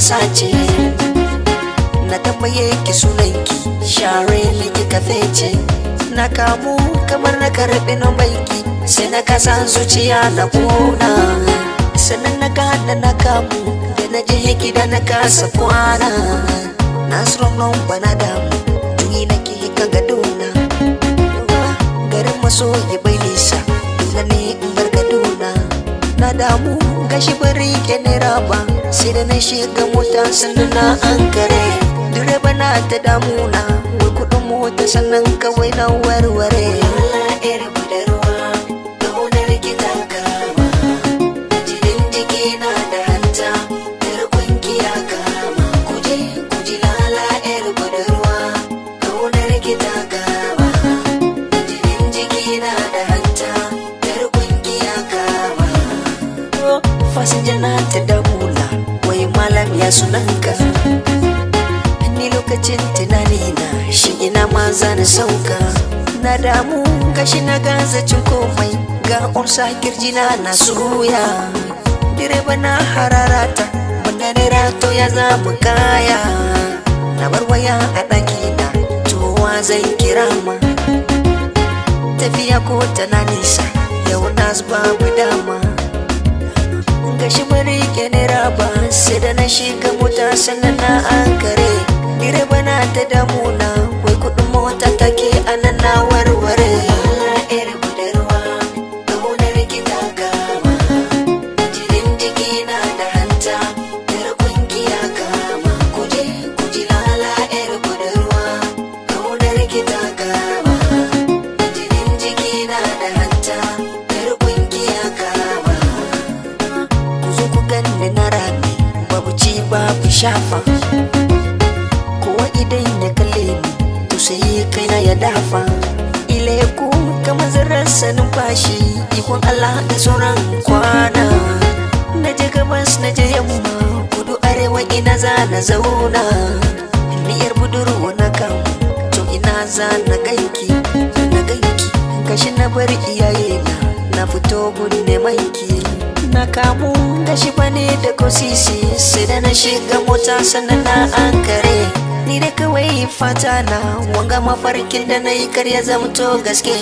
sace na tambaye ki sunanki share liki ka fece na kamu kamar na karbe no baiki sai na kasa zuciya na kuna sannan na gane na kamu da na je da na kasa kwana na suron bana damu tuni nake ka gadona garin masoyi na damu gashi bari rike naira ba sai da na shiga mota sannan na ankare direba na ta damu na wai kudin mota sannan kawai na warware zan sauka na damu gashi na gaza cin komai ga ursa kirjina na soya direba na hararata wanda ne rato ya zamu kaya na bar waya a ɗakina towa zai kira ma tafiya ko tana nisa yau nasu babu dama gashi bari kenera ba sai da na shiga mota sannan na an kare direba na ta damu ku shafa kowa idan ya kalle ni to sai kaina ya dafa ile ku kamar sanin numfashi ikon Allah da sauran kwana na je gabas na je yamma kudu arewa ina za na zauna Niyar budurwa na kan to ina za na ganki na ganki kashi na bar iyaye na na fito gun nemanki na kamu tashi bane da kosisi sai da na shiga mota sannan na ankare ni da kawai fata na wanga mafarkin da na yi kar ya zamto gaske